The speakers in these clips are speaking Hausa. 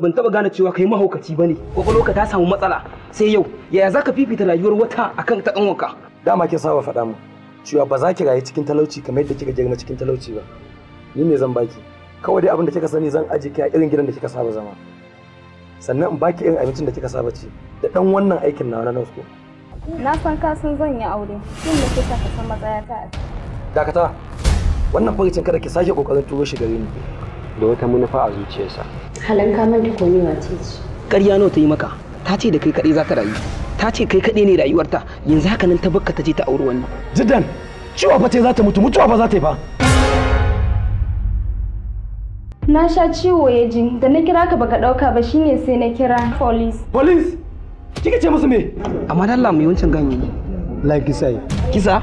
ban taba gane cewa kai mahaukaci bane kwakwalwarka ta samu matsala sai yau yaya zaka fifita rayuwar wata akan ta wanka dama ke saba faɗa mu cewa ba za ki rayu cikin talauci kamar yadda kika girma cikin talauci ba ni ne zan baki kawai dai abin da kika sani zan aje ki a irin gidan da kika saba zama sannan in baki irin abincin da kika saba ci da dan wannan aikin na na nasko na san ka san zan yi aure shin me kika ka san matsayata a dakata wannan farcin kada ki sake kokarin turo shi gare ni da wata manufa a zuciyarsa halin ka manta ko ni wace ce ƙarya nawa ta yi maka ta ce da kai kaɗai za ta rayu ta ce kai kaɗai ne rayuwarta yanzu haka nan ta bakka ta je ta auri wani jidan ciwa fa ce za ta mutu mutuwa ba za ta yi ba na sha ciwo ya ji da na kira ka baka ɗauka ba shine sai na kira polis. Polis? kika ce musu me amma dan mai wancan ganye Lai kisa yi. kisa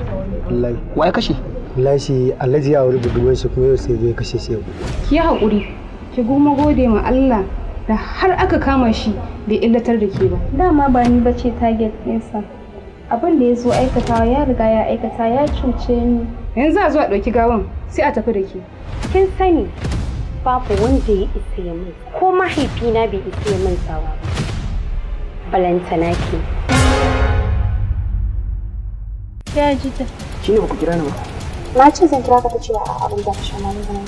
wa ya kashe Lashi Alhaji ya wuri budurwar shi kuma yau sai zai kashe shi. Ki yi haƙuri, ki goma gode ma Allah da har aka kama shi bai illatar da ke ba. Dama ba ni bace target ɗinsa. Abin da ya zo aikatawa ya riga ya aikata ya cuce ni. Yanzu a zuwa ɗauki gawan sai a tafi da ke. Kin sani babu wanda ya isa ya min ko mahaifina bai isa ya min ba. Balantana ke. Ya ji ta. Shi ne ba ku kira ni ba. Na ce zan kira ka ta ce a abin da ka sha maganin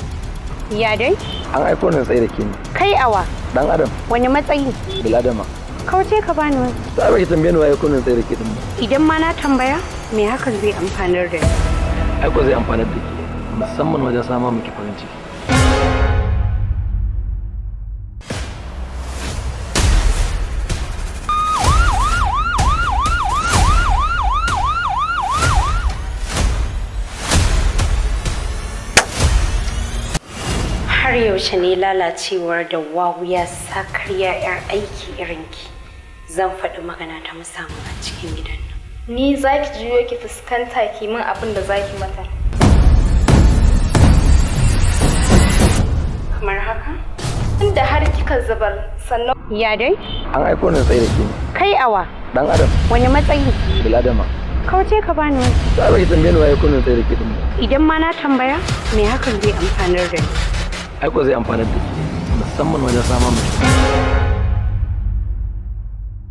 Ya dai? An aiko ni tsaye da ke ne. Kai awa. Dan Adam. Wani matsayi? Biladama. Kauce ka bani wani. Za ki tambaye ni aiko ni tsaye da ke din. Idan ma na tambaya, me hakan zai amfanar da ni? Aiko zai amfanar da ke, musamman wajen sama miki farin ciki. har yaushe ne lalacewar da wawuya sakariya 'yar aiki irinki zan faɗi magana ta musamman a cikin gidan nan. Ni za ki juyo ki fuskanta ki min abin da za ki mata. Kamar haka? Inda har kika zubar sannan. Ya dai? An aiko ni tsaye da ke. Kai awa. Dan Adam. Wani matsayi? Biladama. Kauce ka bani wani. Za a bai tambaye ni waye na tsaye da ke Idan ma na tambaya, me hakan zai amfanar da ni? aiko zai amfana da musamman wajen samun mutum